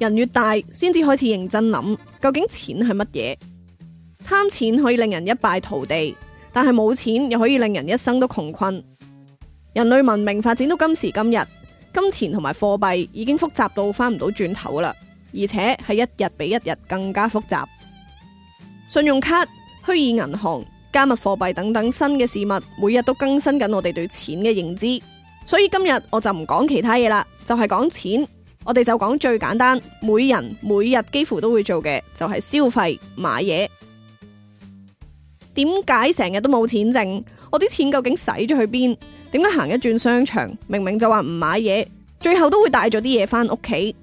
人越大，先至開始認真諗究竟錢係乜嘢。貪錢可以令人一敗塗地，但係冇錢又可以令人一生都窮困。人類文明發展到今時今日，金錢同埋貨幣已經複雜到翻唔到轉頭啦，而且係一日比一日更加複雜。信用卡、虛擬銀行、加密貨幣等等新嘅事物，每日都更新緊我哋對錢嘅認知。所以今日我就唔講其他嘢啦，就係講錢。我哋就講最簡單，每人每日幾乎都會做嘅，就係、是、消費買嘢。點解成日都冇錢剩？我啲錢究竟使咗去邊？點解行一轉商場，明明就話唔買嘢，最後都會帶咗啲嘢翻屋企？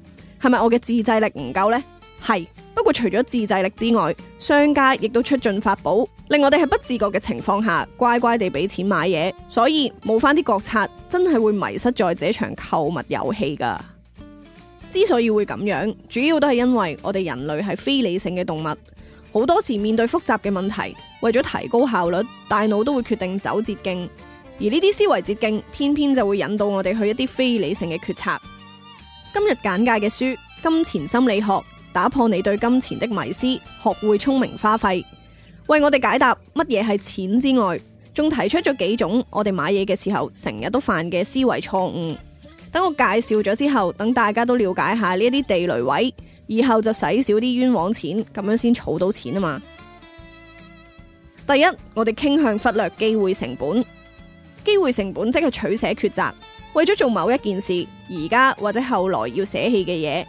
係咪我嘅自制力唔夠呢？係，不過除咗自制力之外，商家亦都出盡法寶，令我哋喺不自覺嘅情況下乖乖地俾錢買嘢。所以冇翻啲國策，真係會迷失在這場購物遊戲噶。之所以會咁樣，主要都係因為我哋人類係非理性嘅動物，好多時面對複雜嘅問題，為咗提高效率，大腦都會決定走捷徑，而呢啲思維捷徑，偏偏就會引導我哋去一啲非理性嘅決策。今日簡介嘅書《金錢心理學》，打破你對金錢的迷思，學會聰明花費，為我哋解答乜嘢係錢之外，仲提出咗幾種我哋買嘢嘅時候成日都犯嘅思維錯誤。等我介紹咗之後，等大家都了解下呢一啲地雷位，以後就使少啲冤枉錢，咁樣先儲到錢啊嘛。第一，我哋傾向忽略機會成本。機會成本即係取捨抉擇，為咗做某一件事，而家或者後來要捨棄嘅嘢。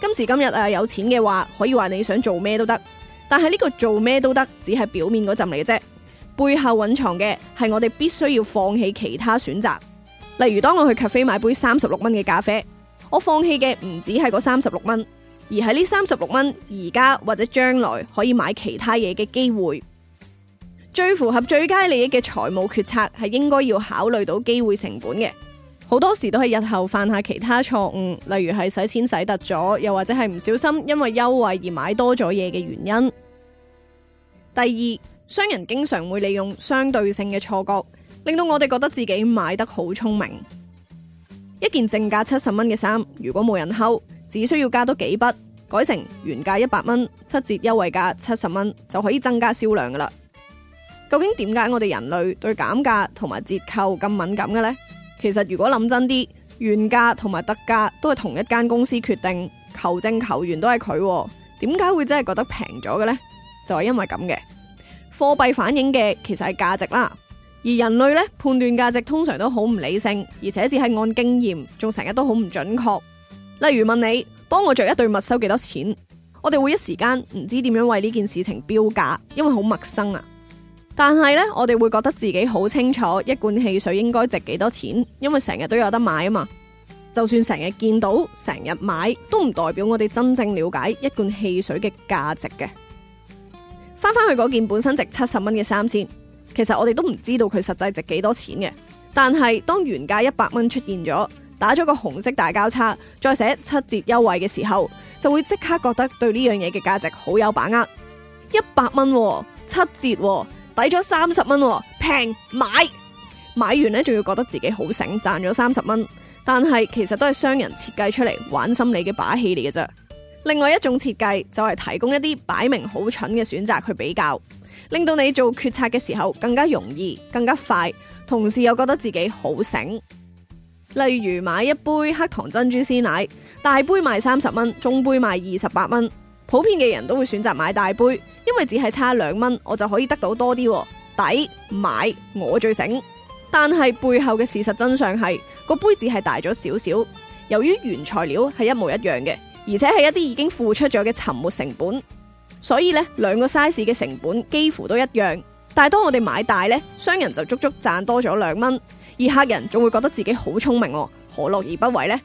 今時今日啊，有錢嘅話，可以話你想做咩都得。但係呢個做咩都得，只係表面嗰陣嚟嘅啫，背後隱藏嘅係我哋必須要放棄其他選擇。例如，當我去 cafe 買杯三十六蚊嘅咖啡，我放棄嘅唔止係嗰三十六蚊，而係呢三十六蚊而家或者將來可以買其他嘢嘅機會。最符合最佳利益嘅財務決策係應該要考慮到機會成本嘅。好多時都係日後犯下其他錯誤，例如係使錢使突咗，又或者係唔小心因為優惠而買多咗嘢嘅原因。第二，商人經常會利用相對性嘅錯覺。令到我哋覺得自己買得好聰明。一件正價七十蚊嘅衫，如果冇人吼，只需要加多幾筆，改成原價一百蚊，七折優惠價七十蚊，就可以增加銷量㗎喇。究竟點解我哋人類對減價同埋折扣咁敏感嘅呢？其實如果諗真啲，原價同埋特價都係同一間公司決定，求證求源都係佢。點解會真係覺得平咗嘅呢？就係因為咁嘅貨幣反映嘅，其實係價值啦。而人類呢，判斷價值通常都好唔理性，而且只係按經驗，仲成日都好唔準確。例如問你幫我着一對襪收幾多錢，我哋會一時間唔知點樣為呢件事情標價，因為好陌生啊。但係呢，我哋會覺得自己好清楚一罐汽水應該值幾多錢，因為成日都有得買啊嘛。就算成日見到、成日買，都唔代表我哋真正了解一罐汽水嘅價值嘅。翻翻去嗰件本身值七十蚊嘅衫先。其實我哋都唔知道佢實際值幾多錢嘅，但係當原價一百蚊出現咗，打咗個紅色大交叉，再寫七折優惠嘅時候，就會即刻覺得對呢樣嘢嘅價值好有把握。一百蚊七折啊，抵咗三十蚊，平買買完呢，仲要覺得自己好醒，賺咗三十蚊。但係其實都係商人設計出嚟玩心理嘅把戲嚟嘅啫。另外一種設計就係提供一啲擺明好蠢嘅選擇去比較。令到你做決策嘅時候更加容易，更加快，同時又覺得自己好醒。例如買一杯黑糖珍珠鮮奶，大杯賣三十蚊，中杯賣二十八蚊。普遍嘅人都會選擇買大杯，因為只係差兩蚊，我就可以得到多啲喎，抵買我最醒。但係背後嘅事實真相係個杯子係大咗少少，由於原材料係一模一樣嘅，而且係一啲已經付出咗嘅沉沒成本。所以咧，兩個 size 嘅成本幾乎都一樣，但係當我哋買大咧，商人就足足賺多咗兩蚊，而客人仲會覺得自己好聰明，何樂而不為呢？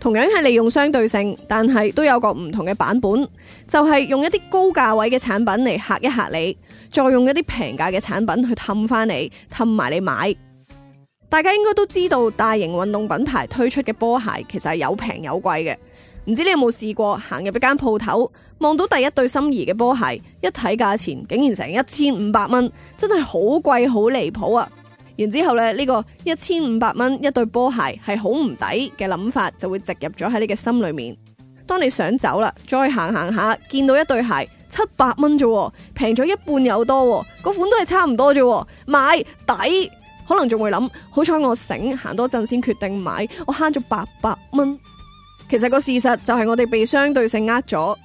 同樣係利用相對性，但係都有個唔同嘅版本，就係用一啲高價位嘅產品嚟吓一吓你，再用一啲平價嘅產品去氹翻你，氹埋你買。大家應該都知道，大型運動品牌推出嘅波鞋其實係有平有貴嘅。唔知你有冇試過行入一間鋪頭，望到第一對心儀嘅波鞋，一睇價錢竟然成一千五百蚊，真係好貴好離譜啊！然之後咧呢，呢個一千五百蚊一對波鞋係好唔抵嘅諗法，就會植入咗喺你嘅心裏面。當你想走啦，再行行下，見到一對鞋七百蚊啫，平咗一半有多，嗰款都係差唔多啫，買抵。可能仲會諗，好彩我醒，行多陣先決定買，我慳咗八百蚊。其實個事實就係我哋被相對性呃咗，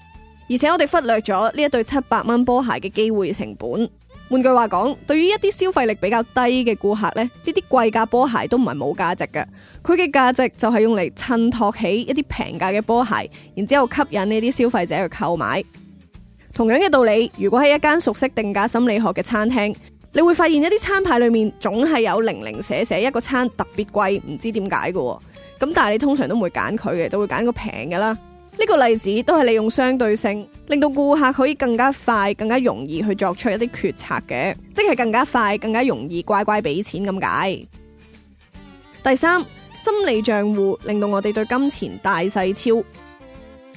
而且我哋忽略咗呢一對七百蚊波鞋嘅機會成本。換句話講，對於一啲消費力比較低嘅顧客咧，呢啲貴價波鞋都唔係冇價值嘅，佢嘅價值就係用嚟襯托起一啲平價嘅波鞋，然之後吸引呢啲消費者去購買。同樣嘅道理，如果喺一間熟悉定價心理學嘅餐廳。你會發現一啲餐牌裏面總係有零零舍舍一個餐特別貴，唔知點解嘅咁，但係你通常都唔會揀佢嘅，就會揀個平嘅啦。呢個例子都係利用相對性，令到顧客可以更加快、更加容易去作出一啲決策嘅，即係更加快、更加容易乖乖俾錢咁解。第三，心理賬戶令到我哋對金錢大細超。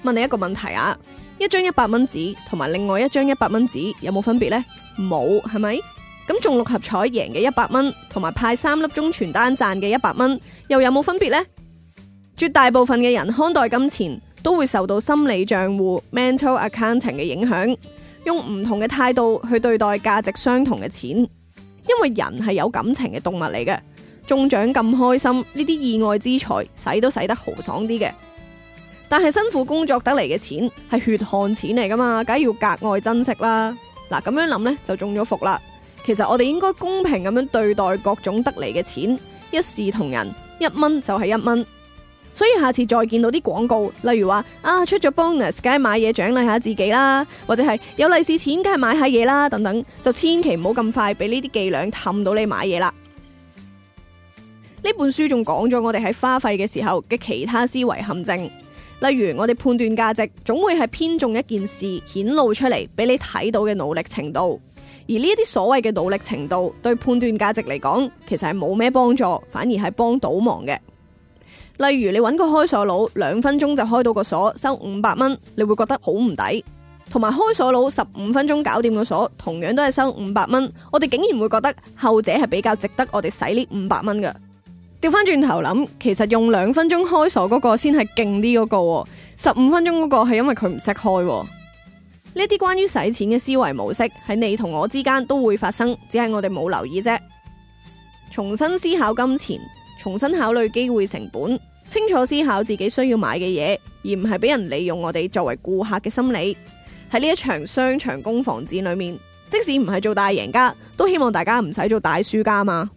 問你一個問題啊，一張一百蚊紙同埋另外一張一百蚊紙有冇分別呢？冇係咪？咁中六合彩贏嘅一百蚊，同埋派三粒鐘傳單賺嘅一百蚊，又有冇分別呢？絕大部分嘅人看待金錢都會受到心理賬戶 （mental accounting） 嘅影響，用唔同嘅態度去對待價值相同嘅錢，因為人係有感情嘅動物嚟嘅。中獎咁開心，呢啲意外之財使都使得豪爽啲嘅，但係辛苦工作得嚟嘅錢係血汗錢嚟噶嘛，梗係要格外珍惜啦。嗱，咁樣諗呢，就中咗伏啦。其實我哋應該公平咁樣對待各種得嚟嘅錢，一視同仁，一蚊就係一蚊。所以，下次再見到啲廣告，例如話啊出咗 bonus，梗係買嘢獎勵下自己啦，或者係有利是錢，梗係買下嘢啦，等等，就千祈唔好咁快俾呢啲伎倆氹到你買嘢啦。呢本書仲講咗我哋喺花費嘅時候嘅其他思維陷阱，例如我哋判斷價值總會係偏重一件事顯露出嚟俾你睇到嘅努力程度。而呢啲所謂嘅努力程度，對判斷價值嚟講，其實係冇咩幫助，反而係幫倒忙嘅。例如你揾個開鎖佬兩分鐘就開到個鎖，收五百蚊，你會覺得好唔抵。同埋開鎖佬十五分鐘搞掂個鎖，同樣都係收五百蚊，我哋竟然會覺得後者係比較值得我哋使呢五百蚊嘅。調翻轉頭諗，其實用兩分鐘開鎖嗰個先係勁啲嗰個，十五分鐘嗰個係因為佢唔識開。呢啲關於使錢嘅思維模式喺你同我之間都會發生，只係我哋冇留意啫。重新思考金錢，重新考慮機會成本，清楚思考自己需要買嘅嘢，而唔係俾人利用我哋作為顧客嘅心理。喺呢一場商場攻防戰裏面，即使唔係做大贏家，都希望大家唔使做大輸家嘛。